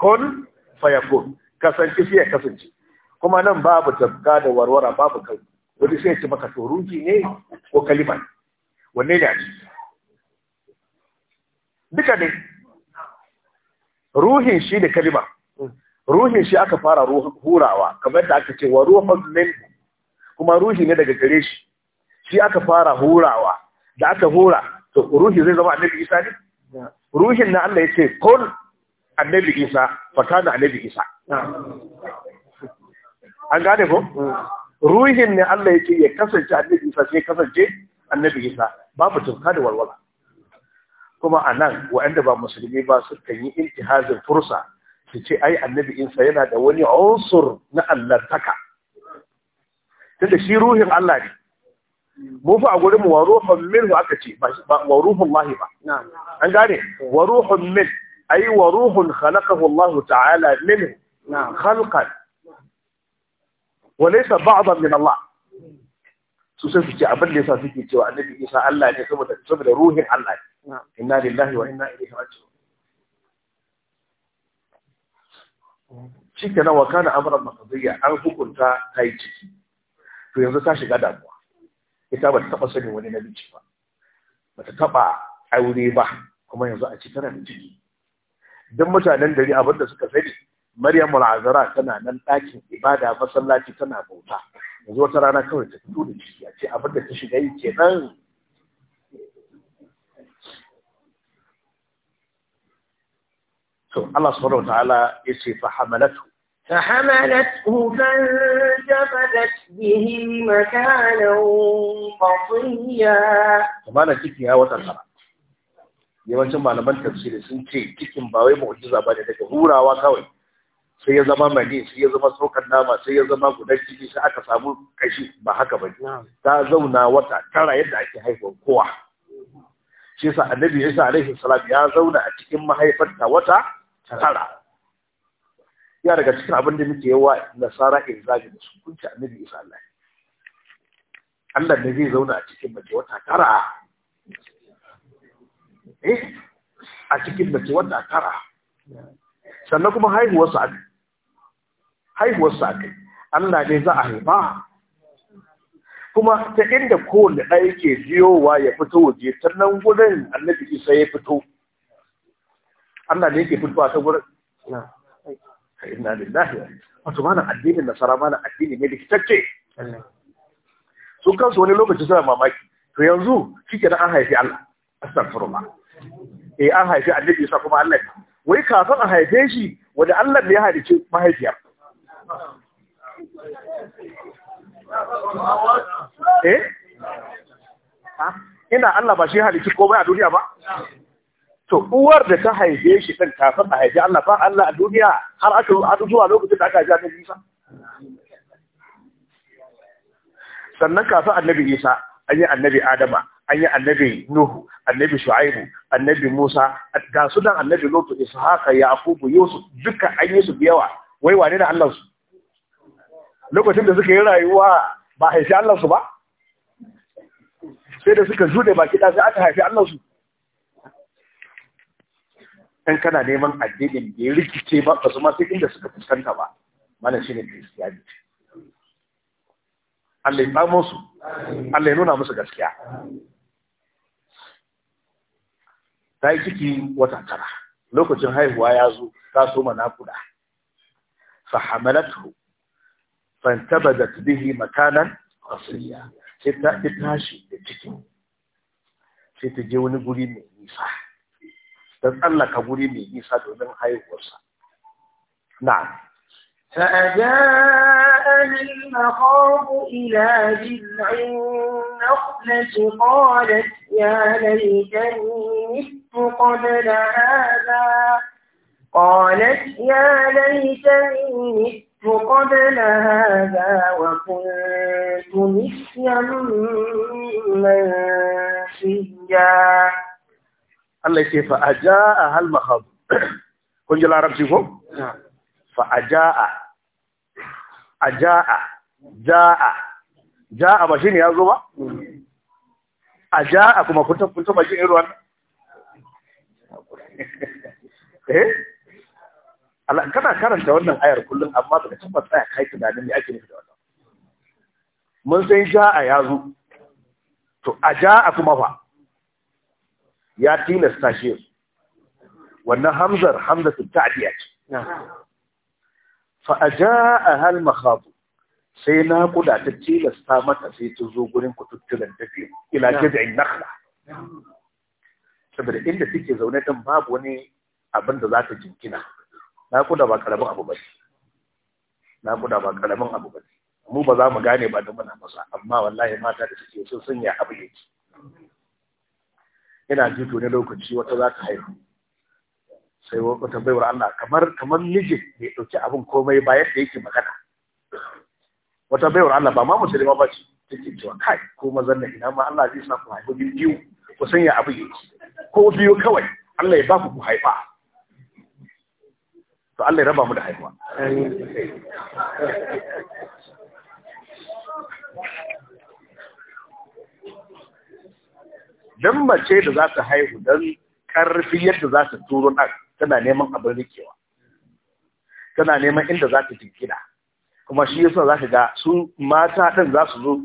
كن فيكون كسنك فيه كسنك كما نم باب تبقى ورورة باب كلمة ودي سيتمك تروجي ne ko kalima wanne ne a ciki duka ne ruhin shi da kalima ruhin shi aka fara hurawa kamar da aka ce wa ruhun min kuma ruhi ne daga gare shi shi aka fara hurawa da aka hura to ruhi zai zama annabi isa ne ruhin na Allah ya ce kun annabi isa fakana annabi isa an gane ko hmm. ruhin ne Allah ya ce ya kasance annabi isa sai kasance annabi isa babu tunka da walwala kuma a nan waɗanda ba musulmi ba su kan yi intihazin fursa su ce ai annabi insa yana da wani unsur na allantaka tunda shi ruhin Allah ne mu fa a gurin wa ruhun minhu aka ce ba wa ruhun lahi ba an gane wa ruhun min ai wa ruhun khalaqahu Allah ta'ala min khalqan wa laysa ba'dan min Allah su sai su ce abin da yasa suke cewa annabi isa Allah ne saboda saboda ruhin Allah ne inna lillahi wa inna ilaihi raji'un shikenan wa kana amran maqdiya an hukunta kai ciki to yanzu ta shiga damuwa ita ba ta taba sanin wani namiji ba ba ta taba aure ba kuma yanzu a ci tana da ciki dan mutanen gari abin da suka sani Maryam al tana nan ɗakin ibada masallaci tana bauta yanzu wata rana kawai ta fito da ciki a ce abin da ta shiga yi nan to Allah subhanahu wataala ya ce fa hamalatu fa hamalatu jabadat bihi makanan qatiya kuma ciki ya wata yawancin malaman tafsiri sun ce cikin ba wai mu'jiza ba ne daga hurawa kawai sai ya zama mani sai ya zama saukan nama sai ya zama gudan jini sai aka samu kashi ba haka ba ta zauna wata tara yadda ake haifar kowa shi sa annabi sa alaihi salam ya zauna a cikin mahaifarta wata tara ya daga cikin abin da muke yawa nasara inzaji da su kunci annabi isa allah Allah ne zai zauna a cikin mace wata tara eh a cikin mace wata tara sannan kuma haihuwarsa haihuwarsa a kai Allah ne za a haifa kuma ta inda kowane ɗaya ke biyowa ya fito waje ta nan gudun annabi isa ya fito Allah ne yake fitowa ta wurin inna lillahi wato mana addinin nasara mana addini ne likitacce su kansu wani lokaci suna mamaki to yanzu shike da an haifi Allah astaghfirullah eh an haifi annabi isa kuma Allah wai kafin a haife shi wanda Allah ne ya halice mahaifiyar eh ina Allah ba shi halici komai a duniya ba to uwar da ta haife shi din kafin a haife Allah ba Allah a duniya har aka aka zuwa lokacin da aka haife Annabi Isa sannan kafin Annabi Isa an yi Annabi Adama an yi Annabi Nuhu Annabi Shu'aibu Annabi Musa ga su dan Annabi Lutu Ishaqa Yaqubu Yusuf duka an yi su da yawa wai wane da Allah su lokacin da suka yi rayuwa ba a haifi Allahnsu ba sai da suka jude ba kiɗa sai aka haifi Allahnsu. ɗan kana neman addinin da ya rikice ba ba su ma sai inda suka fuskanta ba mana shi ne christianity Allah ya tsamo su Allah ya nuna musu gaskiya ta yi ciki wata tara lokacin haihuwa ya zo ta so mana kuda fa hamalatu فانتبذت به مكانا قصريا ستا بتاشي بتكين ستا جيوني قولي ميسا تتألا كقولي ميسا دون هاي ورسا نعم فأجاء المخاض إلى جذع النخلة قالت يا ليتني مت قبل هذا قالت يا ليتني مت قبل هذا وكنت نسيا منسيا Allah ce fa a ja'a hal mahab kun ji larabci ko fa ja'a a ja'a ja'a ja'a ba shine ya zo ba a ja'a kuma kun irin wannan kana karanta wannan ayar kullum amma baka tabbata tsaya kai tunanin me ake nufi da wannan mun san ja a yazu. to a ja a kuma fa ya tilasta shi wannan hamzar hamzatul ta'diya ce fa ajaa hal makhab sai na kuda ta tilasta mata sai ta zo gurin kututtulan tafi ila jad'in nakhla saboda inda take zaune din babu wani abin da za ta jinkina naƙuda ba karamin abu ba naƙuda ba karamin abu ba mu ba za mu gane ba da muna masa amma wallahi mata da suke sun sun ya abu yake ina jito ne lokaci wata za ta haihu sai wata baiwar Allah kamar kamar miji bai ɗauki abin komai ba yadda yake magana wata baiwar Allah ba ma musulma ba ce take cewa kai ko mazan na ina ma Allah zai sa ku haihu biyu ku sanya abu yake ko biyu kawai Allah ya ba ku ku haifa to Allah ya raba mu da haihuwa dan mace da za ta haihu dan karfi yadda za ta turo ɗan tana neman abin rikewa tana neman inda za ta jingina kuma shi yasa za ka ga su mata ɗin za su zo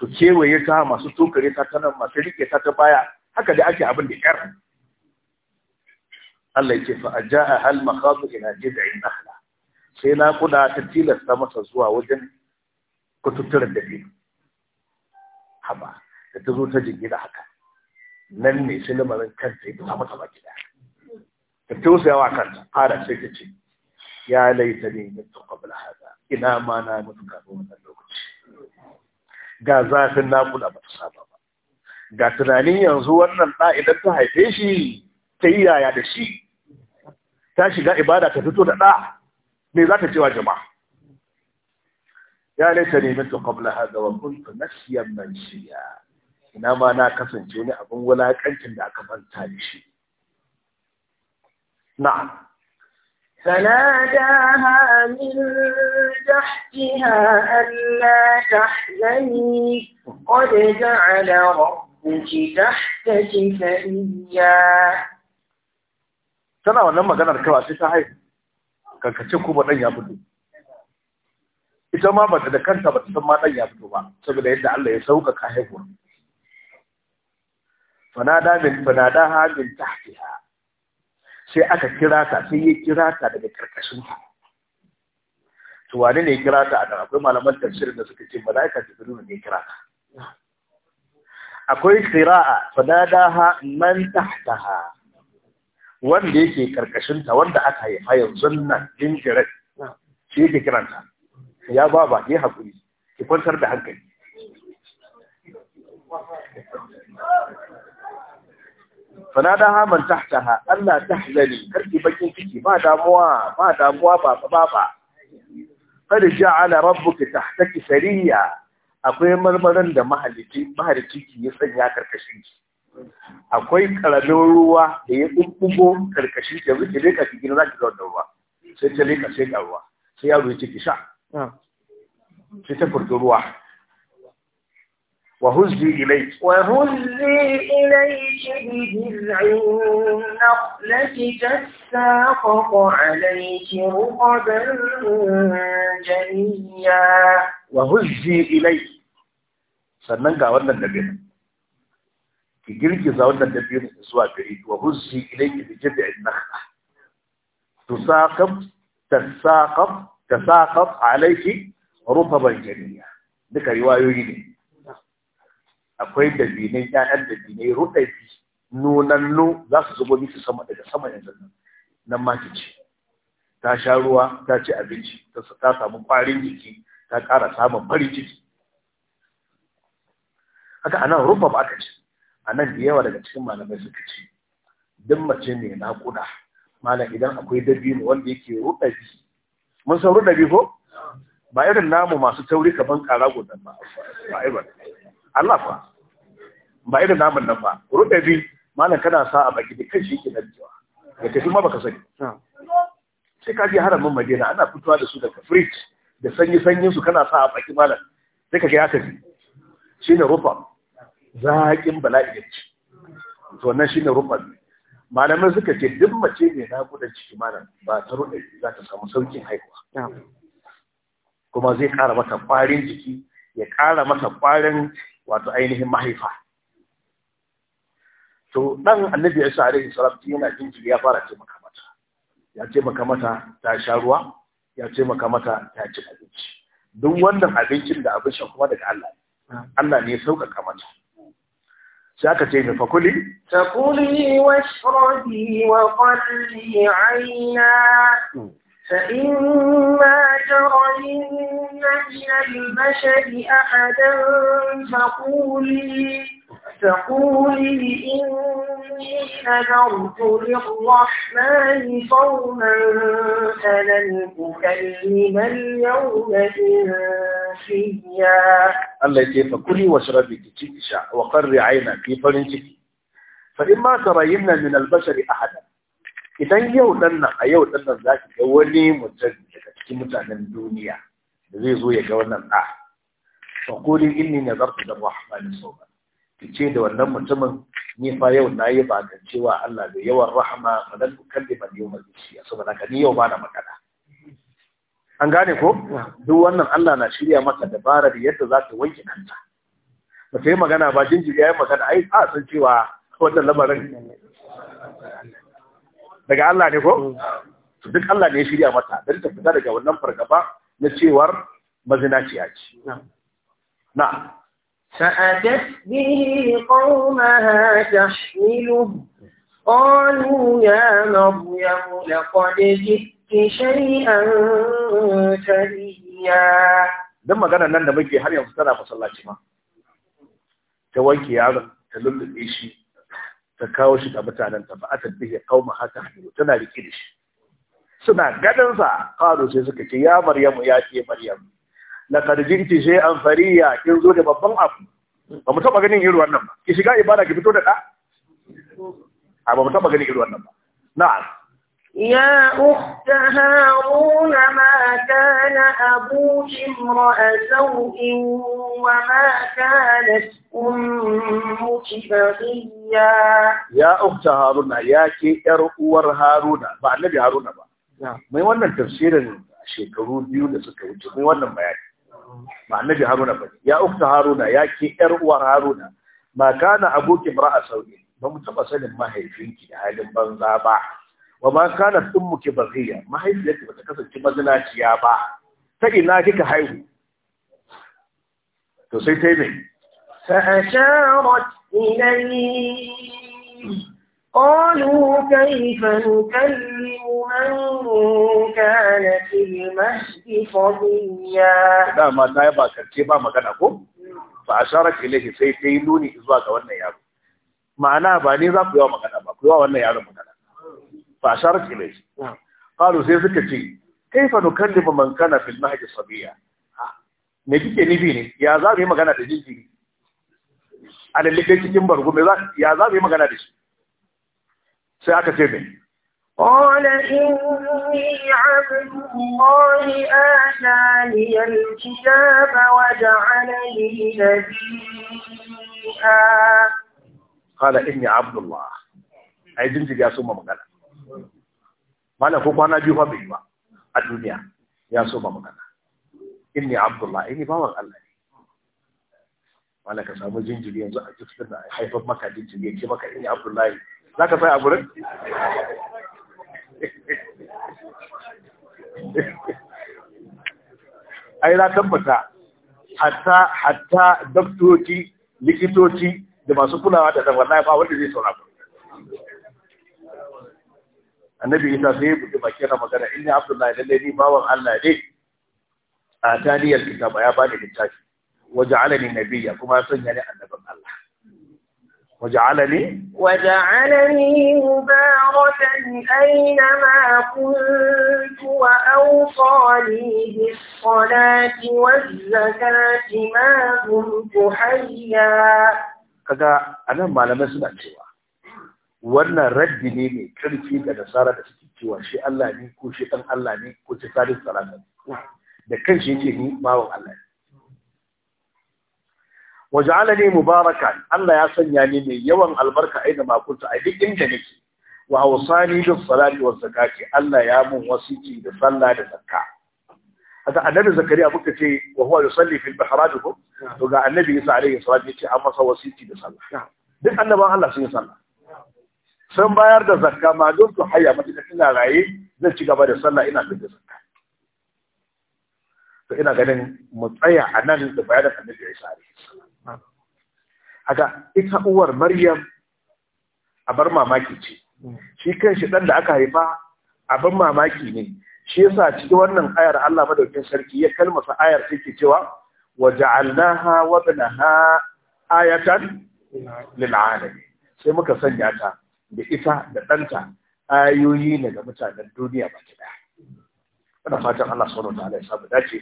su kewaye ta masu tukare ta tana masu rike ta ta baya haka da ake abin da ƴar Allah yake fa ajaha hal makhatu ila jid'in nahla sai na kuda ta tilasta masa zuwa wajen kututturar da biyu haba da ta zo ta jingina haka nan ne sai lamarin kanta ya buga mata baki daya ta tausaya wa kanta fara sai ta ce ya laita ne ta qabla hada ina ma na mutu kafin wannan lokaci ga zafin nakuda ba ta saba ba ga tunanin yanzu wannan ɗa idan ta haife shi ta yi yaya da shi ta shiga ibada ta fito da ɗa me za ta cewa jama'a ya laita ne mintu qabla hadha wa kuntu nasiyan manshiya ina ma na kasance wani abin wulakancin da aka manta da shi na'am فناداها من تحتها ألا تحزني قد جعل ربك تحتك سريا tana wannan maganar kawai sai ta haihu karkacin kuma ɗan ya fito ita ma ba da kanta ba ta san ma ɗan ya fito ba saboda yadda Allah ya sauka ka haihuwa fanada min fanada ha min tahtiha sai aka kira ta sai ya kira ta daga karkashin ta to wani ne ya kira ta a akwai malaman tafsir da suka ce malaika jibril ne ya kira ta akwai qira'a ha man tahtaha wanda yake karkashin ta wanda aka haifa yanzu nan indirect shi yake kiranta ya ba ba hakuri ki kwantar da hankali fanada haman tahtaha Allah ta tahzani karki bakin ciki ba damuwa ba damuwa ba ba ba kada ala rabbuka tahtaki sariya akwai marmarin da mahalicci mahalicci ya sanya karkashin ki akwai karamin ruwa da ya kumbugo karkashin da zuke leka ki gina za ki ga wannan ruwa sai ta leka sai ga ruwa sai yaro ya ciki sha ah. sai ta furta ruwa wa huzzi ilayki wa huzzi ilayki bi dhil'in naqlati tasaqqa alayki ruqadan janiya wa huzzi ilayki sannan ga wannan dabi'a ki girgiza wannan dabino zuwa gari wa huzzi ilayki bi jab'in nakhla tusaqab tasaqab tasaqab alayki rutban janiya duka riwayoyi ne akwai dabinai ƴaƴan dabinai rudabi nunannu za su zubo miki sama daga sama yanzu nan ma ki ci ta sha ruwa ta ci abinci ta samu kwarin jiki ta ƙara samun farin ciki haka anan rufa ba aka ci a nan da yawa daga cikin malamai suka ce duk mace mai naƙuda malam idan akwai dabino wanda yake rudabi mun san rudabi ko ba irin namu masu tauri kaman kara godan ba ba irin Allah fa ba irin namun nan ba rudabi malam kana sa a baki da kashi yake dabbewa ya tafi ma baka sani sai ka je haramin Madina ana fitowa da su daga fridge da sanyi sanyin su kana sa a baki malam sai ka ga ya tafi shine rufa zaƙin bala'i ya ci to wannan shine rufan malamai suka ce duk mace mai naƙudan ciki mana ba ta rufe za ta samu sauƙin haihuwa kuma zai ƙara mata ƙwarin jiki ya ƙara mata ƙwarin wato ainihin mahaifa to dan annabi ya sa alaihi salatu yana jinjiri ya fara taimaka mata ya taimaka mata ta sha ruwa ya taimaka mata ta ci abinci duk wannan abincin da abin shan kuma daga Allah Allah ne ya sauƙaƙa mata sai aka ce mai fakuli fakuli wa shrabi wa qalli aina فإما manyan من a أحدا فقولي فقولي إني نذرت للرحمن صوما فلن أكلم اليوم إنسيا الله كيف كلي واشربي تتشع وقر عينك فلنتك فإما ترين من البشر أحدا إذن يودن أيودن ذاك جواني مجد كمتع من الدنيا ذي زوية جوانا الأحد فقولي إني نذرت للرحمن صوما ce da wannan mutumin ni fa yau na yi bakan cewa Allah da yawan rahama ba dan ba yau mai saboda ka ni yau ba na magana an gane ko duk wannan Allah na shirya maka dabara da yadda za ka wanke kanta ba ta yi magana ba jinjiri ya yi magana ai a san cewa wannan lamarin daga Allah ne ko duk Allah ne ya shirya mata dan ta fita daga wannan fargaba na cewar mazinaciya ce na'am فأتت به قومها تحمله قالوا يا مريم لقد جئت شيئا فريا dan maganar nan da muke har yanzu tana masallaci ma ta wanke yaron ta lullube shi ta kawo shi ga mutanen ta ba a tabbihe kauma haka tana rike da shi suna ganin sa sai suka ce ya maryamu ya ce maryamu laqad jinti shay'an fariya kin zo da babban abu ba mu taba ganin irin wannan ba ki shiga ibada ki fito da da a ba mu taba ganin irin wannan ba na'am Haruna ma kana ما imra'a أبوك wa ma kana كانت أمك ya يا haruna ya يا yar uwar haruna ba annabi Haruna ba. mai wannan tafsirin shekaru biyu da suka wuce mai wannan bayani ba annabi haruna ba ya ukta haruna ya ke yar uwar haruna ma kana abuki imra'a sauki ba mu taba sanin mahaifinki da halin banza ba wa ma kana ummuki baghiya mahaifiyarki bata kasance mazinaciya ba ta ina kika haihu to sai ta yi mai fa'asharat ilayhi قالوا كيف نكلم من كان في المهد صبيا da ma ta ba karce ba magana ko ba asharat ilayhi sai ta yi nuni zuwa ga wannan yaro ma'ana ba ne za ku yawa magana ba ku yawa wannan yaro magana ba a asharat ilayhi qalu sai suka ce kaifa nukallimu man kana fil mahd sabiya me kike nufi ne ya za mu yi magana da jinjiri a lalle cikin bargo me za ya za mu yi magana da shi sai aka ce mai Ƙola inni abubuwa a shaliyar kira ba wa da alali da biya. Ƙola inni abubuwa a yi jinjiri ya soma magana. Mana ko biyu biyu a duniya ya Inni abubuwa inni bawan Allah ne. Mana ka samu jinjiri yanzu a jikin da haifar maka jinjiri ya ce maka inni abubuwa za ka sa a gurin ai na tabbata hatta hatta daktoci likitoci da masu kulawa da dan wallahi ba wanda zai saura annabi isa sai ya buɗe bakin na magana inna abdullahi lalle ni bawan Allah ne a taniyar kitaba ya bani littafi waja'alani nabiyya kuma sanya ni annaban Allah وجعلني وجعلني مباركا أينما كنت وأوصاني بالصلاة والزكاة ما كنت حيا kaga anan malamai suna cewa wannan raddi ne mai karfi ga nasara da suke cewa shi Allah ne ko shi dan Allah ne ko shi salisu salatu da kan shi yake ni bawon Allah ne waj'alani mubarakan Allah ya sanya ni mai yawan albarka aida makunta a duk inda nake wa awsani bis salati was zakati Allah ya mun wasiki da sallah da zakka haka annabi zakariya muka ce wa huwa yusalli fil bahraj to ga annabi isa alaihi salatu yace an masa wasiki da sallah duk annaban Allah sun yi sallah sun bayar da zakka ma duk su haya mata tana raye zan ci gaba da sallah ina da zakka to ina ganin mu tsaya anan da bayanin annabi isa alaihi salatu Aga ita uwar maryam abar mamaki ce hmm. shi kanshi dan da aka haifa abin mamaki ne shi yasa cikin wannan ayar Allah madaukin sarki ya kalmasa ayar take cewa waja'alnaha wa ayatan lil sai muka sanya ta da ita da danta ayoyi ne ga mutanen duniya baki daya ina fatan Allah subhanahu wa ta'ala ya sabu dace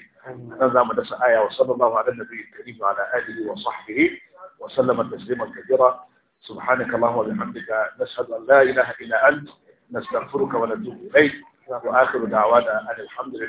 nan zamu dasa aya wa sallallahu alaihi wa sallam wa ala alihi wa sahbihi وسلم تسليما كثيرا سبحانك اللهم وبحمدك نشهد أن لا إله إلا أنت نستغفرك ونتوب إليك وآخر دعوانا أن الحمد لله